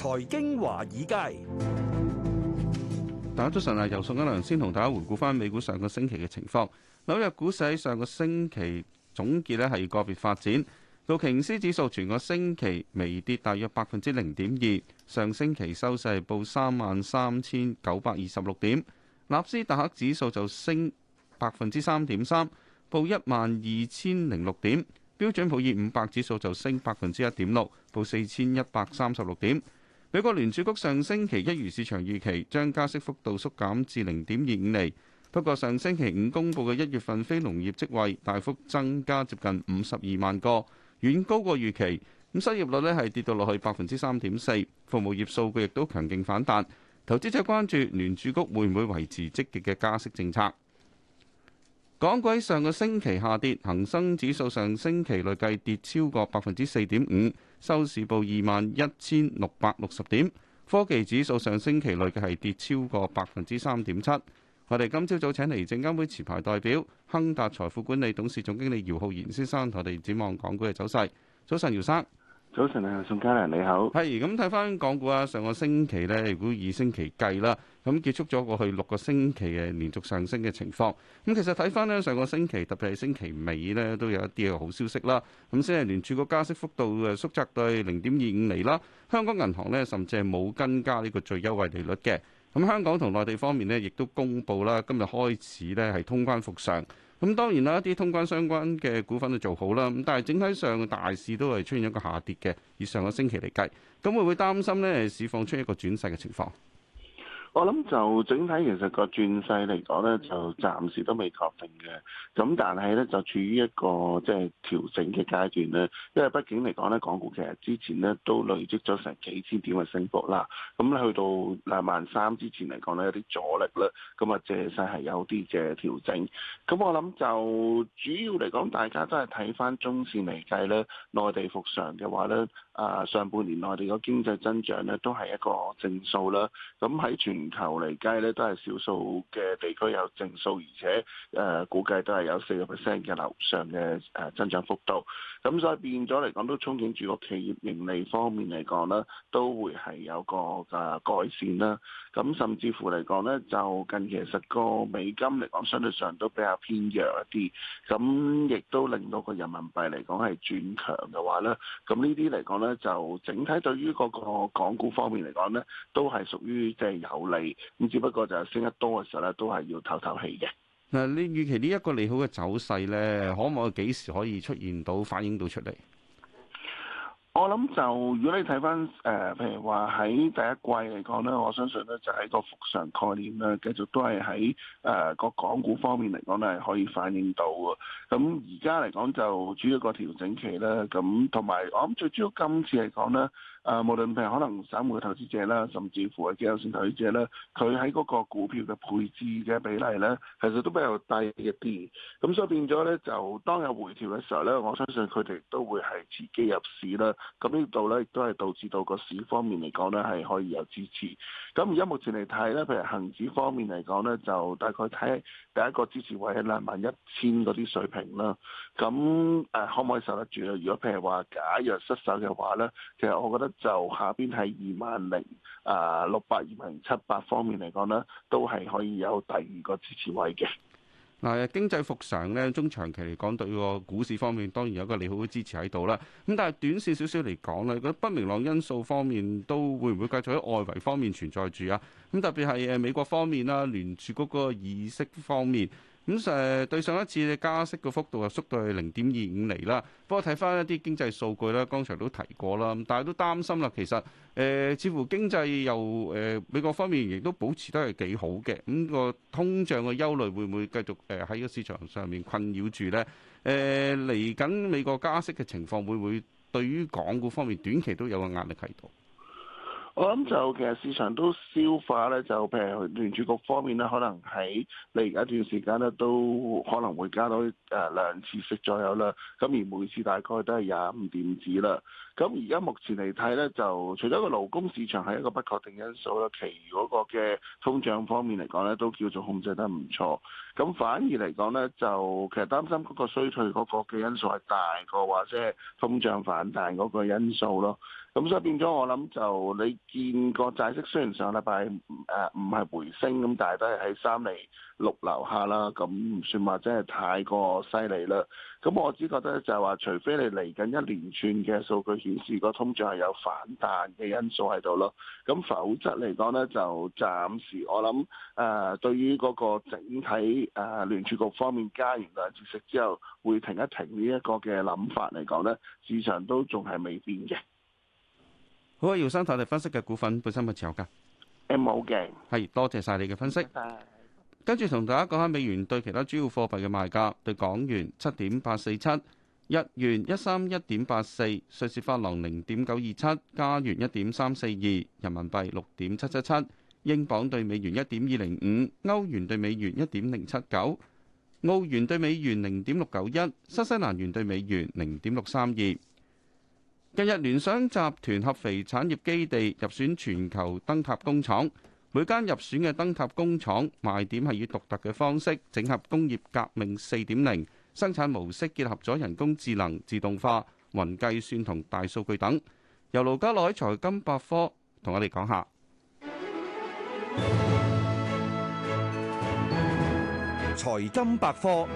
財經華爾街，大家早晨啊！由宋一良先同大家回顧翻美股上個星期嘅情況。紐約股市喺上個星期總結咧係個別發展。道瓊斯指數全個星期微跌大約百分之零點二，上星期收市係報三萬三千九百二十六點。納斯達克指數就升百分之三點三，報一萬二千零六點。標準普爾五百指數就升百分之一點六，報四千一百三十六點。美國聯儲局上星期一如市場預期，將加息幅度縮減至零點二五厘。不過上星期五公布嘅一月份非農業職位大幅增加接近五十二萬個，遠高過預期。咁失業率呢，係跌到落去百分之三點四，服務業數據亦都強勁反彈。投資者關注聯儲局會唔會維持積極嘅加息政策。港股上個星期下跌，恒生指數上星期累計跌超過百分之四點五。收市報二萬一千六百六十點，科技指數上星期內嘅係跌超過百分之三點七。我哋今朝早，早請嚟證監會持牌代表亨達財富管理董事總經理姚浩然先生同我哋展望港股嘅走勢。早晨，姚生。早晨啊，宋嘉良你好。係，咁睇翻港股啊，上個星期咧，如果以星期計啦，咁結束咗過去六個星期嘅連續上升嘅情況。咁其實睇翻咧，上個星期，特別係星期尾咧，都有一啲嘅好消息啦。咁先係聯儲個加息幅度誒縮窄到零點二五厘啦。香港銀行咧，甚至係冇跟加呢個最優惠利率嘅。咁香港同內地方面咧，亦都公布啦，今日開始咧係通關復常。咁當然啦，一啲通關相關嘅股份都做好啦。咁但係整體上大市都係出現一個下跌嘅，以上個星期嚟計。咁會唔會擔心咧？市況放出一個轉勢嘅情況？我諗就整體其實個轉勢嚟講咧，就暫時都未確定嘅。咁但係咧就處於一個即係調整嘅階段咧。因為畢竟嚟講咧，港股其實之前咧都累積咗成幾千點嘅升幅啦。咁去到兩萬三之前嚟講咧有啲阻力啦。咁啊，借勢係有啲嘅調整。咁我諗就主要嚟講，大家都係睇翻中線嚟計咧，內地復常嘅話咧，上半年內地個經濟增長咧都係一個正數啦。咁喺全全球嚟計咧，都係少數嘅地區有正數，而且誒估計都係有四個 percent 嘅樓上嘅誒增長幅度。咁所以變咗嚟講，都憧憬住個企業盈利方面嚟講咧，都會係有個嘅改善啦。咁甚至乎嚟講咧，就近期其實個美金嚟講，相對上都比較偏弱一啲，咁亦都令到個人民幣嚟講係轉強嘅話咧，咁呢啲嚟講咧，就整體對於嗰個港股方面嚟講咧，都係屬於即係有。嚟咁，只不過就係升得多嘅時候咧，都係要透透氣嘅。嗱，你預期呢一個利好嘅走勢咧，可唔可以幾時可以出現到，反映到出嚟？我諗就如果你睇翻誒，譬如話喺第一季嚟講咧，我相信咧就係一個復常概念咧，繼續都係喺誒個港股方面嚟講咧係可以反映到嘅。咁而家嚟講就主要一個調整期咧，咁同埋我諗最主要今次嚟講咧。誒、呃，無論譬如可能散戶嘅投資者啦，甚至乎係機構性投資者咧，佢喺嗰個股票嘅配置嘅比例咧，其實都比較低一啲，咁所以變咗咧，就當有回調嘅時候咧，我相信佢哋都會係自己入市啦。咁呢度咧，亦都係導致到個市方面嚟講咧，係可以有支持。咁而家目前嚟睇咧，譬如恒指方面嚟講咧，就大概睇第一個支持位喺兩萬一千嗰啲水平啦。咁誒、呃，可唔可以受得住啊？如果譬如話假若失守嘅話咧，其實我覺得，就下邊喺二萬零啊六百二萬零七百方面嚟講呢都係可以有第二個支持位嘅。嗱，經濟復常呢，中長期嚟講對個股市方面，當然有一個利好嘅支持喺度啦。咁但係短綫少少嚟講咧，嗰不明朗因素方面，都會唔會繼續喺外圍方面存在住啊？咁特別係誒美國方面啦，聯儲局個議息方面。咁誒對上一次嘅加息嘅幅度係縮到去零點二五釐啦，不過睇返一啲經濟數據咧，剛才都提過啦，咁大家都擔心啦。其實誒，似乎經濟又誒美國方面亦都保持得係幾好嘅，咁個通脹嘅憂慮會唔會繼續誒喺個市場上面困擾住咧？誒嚟緊美國加息嘅情況會唔會對於港股方面短期都有個壓力喺度？我諗就其實市場都消化咧，就譬如聯儲局方面咧，可能喺嚟一段時間咧，都可能會加到誒兩次息左右啦。咁而每次大概都係廿五點子啦。咁而家目前嚟睇咧，就除咗個勞工市場係一個不確定因素啦，其餘嗰個嘅通脹方面嚟講咧，都叫做控制得唔錯。咁反而嚟講咧，就其實擔心嗰個衰退嗰個嘅因素係大過或者係通脹反彈嗰個因素咯。咁所以變咗，我諗就你見個債息雖然上個禮拜唔係回升咁，但係都係喺三厘六樓下啦，咁唔算話真係太過犀利啦。咁我只覺得就係話，除非你嚟緊一連串嘅數據顯示個通脹係有反彈嘅因素喺度咯，咁否則嚟講咧，就暫時我諗誒、呃、對於嗰個整體誒、呃、聯儲局方面加完兩次息之後，會停一停呢一個嘅諗法嚟講咧，市場都仲係未變嘅。好啊，姚生，睇你分析嘅股份本身係持有㗎。誒，冇嘅。係，多謝晒你嘅分析。謝謝。跟住同大家講下美元對其他主要貨幣嘅賣價。對港元七點八四七，日元一三一點八四，瑞士法郎零點九二七，加元一點三四二，人民幣六點七七七，英鎊對美元一點二零五，歐元對美元一點零七九，澳元對美元零點六九一，新西蘭元對美元零點六三二。近日，聯想集團合肥產業基地入選全球燈塔工廠。每間入選嘅燈塔工廠賣點係以獨特嘅方式整合工業革命四點零生產模式，結合咗人工智能、自動化、雲計算同大數據等。由盧家樂喺財金百科同我哋講下財金百科。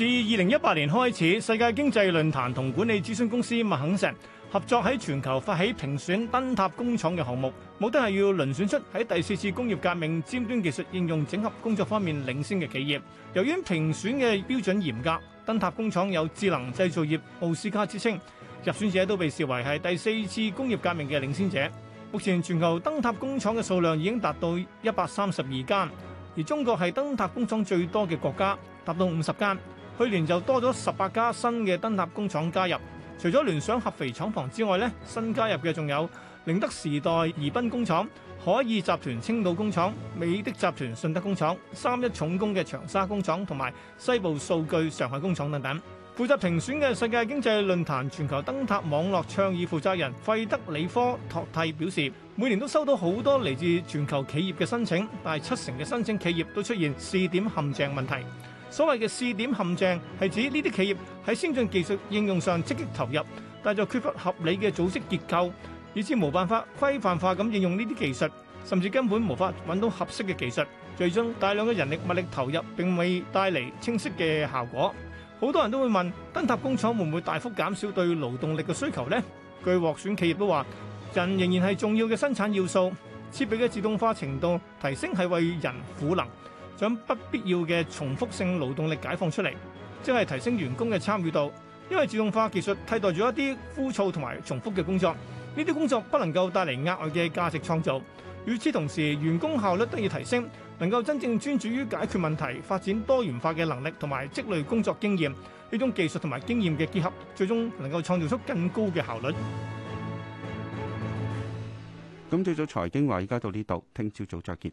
自二零一八年開始，世界經濟論壇同管理諮詢公司麥肯錫合作喺全球發起評選燈塔工廠嘅項目，目的係要遴選出喺第四次工業革命尖端技術應用整合工作方面領先嘅企業。由於評選嘅標準嚴格，燈塔工廠有智能製造業奧斯卡之稱，入選者都被視為係第四次工業革命嘅領先者。目前全球燈塔工廠嘅數量已經達到一百三十二間，而中國係燈塔工廠最多嘅國家，達到五十間。去年就多咗十八家新嘅燈塔工廠加入，除咗聯想合肥廠房之外，新加入嘅仲有寧德時代宜賓工廠、海爾集團青島工廠、美的集團順德工廠、三一重工嘅長沙工廠同埋西部數據上海工廠等等。負責評選嘅世界經濟論壇全球燈塔網絡倡議負責人費德里科托蒂表示，每年都收到好多嚟自全球企業嘅申請，但係七成嘅申請企業都出現試點陷阱問題。所謂嘅試點陷阱係指呢啲企業喺先進技術應用上積極投入，但係就缺乏合理嘅組織結構，以至冇辦法規範化咁應用呢啲技術，甚至根本無法搵到合適嘅技術，最終大量嘅人力物力投入並未帶嚟清晰嘅效果。好多人都會問，燈塔工廠會唔會大幅減少對勞動力嘅需求呢？據獲選企業都話，人仍然係重要嘅生產要素，設備嘅自動化程度提升係為人賦能。將不必要嘅重複性勞動力解放出嚟，即係提升員工嘅參與度。因為自動化技術替代咗一啲枯燥同埋重複嘅工作，呢啲工作不能夠帶嚟額外嘅價值創造。與此同時，員工效率得以提升，能夠真正專注於解決問題、發展多元化嘅能力同埋積累工作經驗。呢種技術同埋經驗嘅結合，最終能夠創造出更高嘅效率。咁朝早財經話，依家到呢度，聽朝早再見。